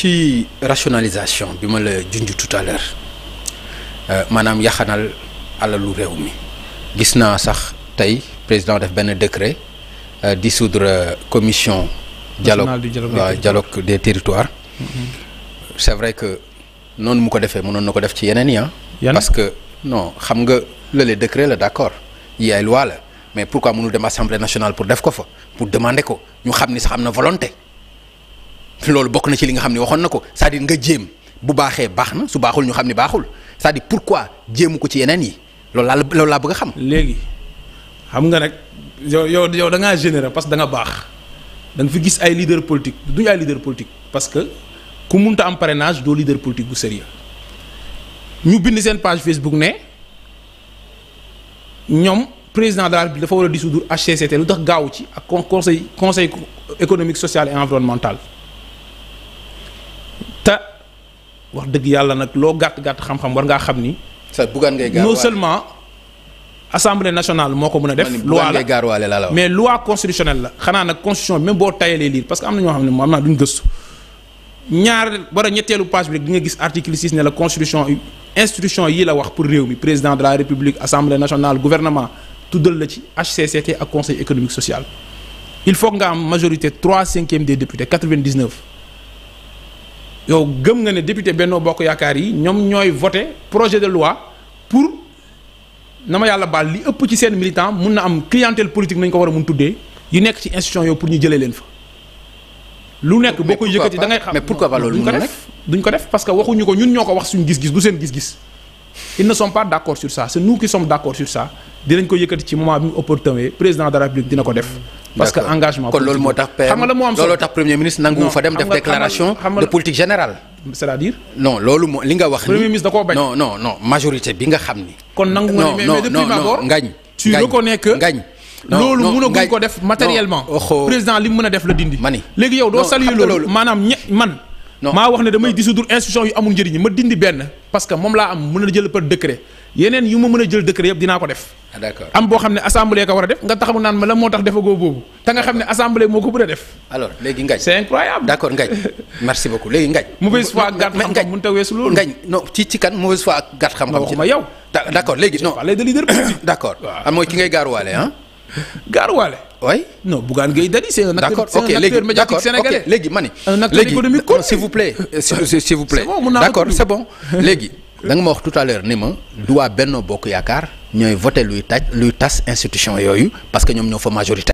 ci rationalisation bi ma la junj tout à euh, maanaam yaxanal alalu réew mi gis naa sax tey président def benn décret euh, dissoudre euh, commission dialogue waaw dialogue des territoires mm-hmm. c'est vrai que noonu mu ko defee mënoon na ko def ci yeneen yi ah. parce que non xam nga lële décret la d'accord yi ay loi la mais pourquoi mënul dem assemblée nationale pour def ko fa pour demander ko ñu xam ni sax am na volonté loolu bokk na ci li nga xam ne waxoon na ko cest à nga jéem bu baaxee baax na su baaxul ñu xam ni baaxul c'est-à-dire pourquoi jéemu ko ci yeneen yi loolu laa loolu laa bëgg a xam. léegi xam nga nag yow yow yow da ngaa généré parce que da nga baax danga fi gis ay leader politique duñu ay leader politique parce que ku munta am parrainage doo leader politique bu sérieux ñu bind seen page Facebook ne ñoom président daal bi dafa war a dissoudre HCCT lu tax gaaw ci ak conseil conseil économique social et wax dëgg yàlla nag loo gàtt gàtt xam-xam war ngaa xam ni. sa bugaan assemblée nationale moo ko mën a def. loi la mais loi constitutionnelle la. xanaa nag constitution même boo tayalee lire parce que am na ñoo xam ne moom am naa duñ gëstu ñaar wala ñetteelu page bi rek nga gis article six ne la constitution institution yi la wax pour réew mi président de la république assemblée nationale gouvernement tuddal la ci HCCT ak conseil économique social. il faut nga am majorité trois cinquième des députés quatre vingt yow gëm nga ne député Benno Bokk Yaakaar yi ñoom ñooy voté projet de loi pour na ma yàlla baal li ëpp ci seen militant mun na am clientèle politique nañ ko war a mun tuddee yu nekk ci institution yow pour ñu jëlee leen fa. lu nekk boo koy yëkkati da xam mais pourquoi pas loolu duñ ko def duñ ko def parce que waxuñu ko ñun ñoo ko wax suñu gis-gis du seen gis-gis. ils ne sont pas d'accord sur ça c'est nous qui d'accord sur ça. dinañ ko yëkkati ci moment bi mu opportunité président de la République dina ko def. parce que engagement. kon loolu moo tax PM looloo tax premier ministre nangu fa dem déclaration de politique générale. c'est-à-dire. non loolu moo li nga wax. premier ministre da koo bañ non non non majorité bi nga xam ni. kon nangu nga mais mais de prime abord ngañ. tu reconnais que ngañ. loolu mënaguñ ko def matériellement. Oh, oh. président li mu mën a def la dindi. ma ni léegi yow doo saluer maanaam man. maa wax ne damay dissoudre institution yu amul njëriñ ma dindi benn parce que moom laa am mën a jël par décret yeneen yu ma mën a jël décret yëpp dinaa ko def ah, d'accord am boo xam ne assemblée ko war a def nga taxamu naan ma la moo tax defagoo boobu te nga xam ne assemblée moo ko bëgg a def alors léegi Ngagne c'est incroyable d'accord Ngagne merci beaucoup léegi Ngagne mauvaise foi ak gàtt xam-xam mënut a weesu loolu Ngagne non ci ci kan mauvaise foi ak gàtt xam-xam waxuma yow d'accord léegi non oui non Bougane Gueye Dany c'est un acteur c'est un acteur médiatique sénégalais léegi ma ni un acteur économique cool s'il vous plaît s'il vous plaît d'accord c'est bon léegi da ma wax tout à l'heure ni ma du waa Bokk Yaakaar ñooy voté luy taj luy tas institution yooyu parce que ñoom ñoo fa majorité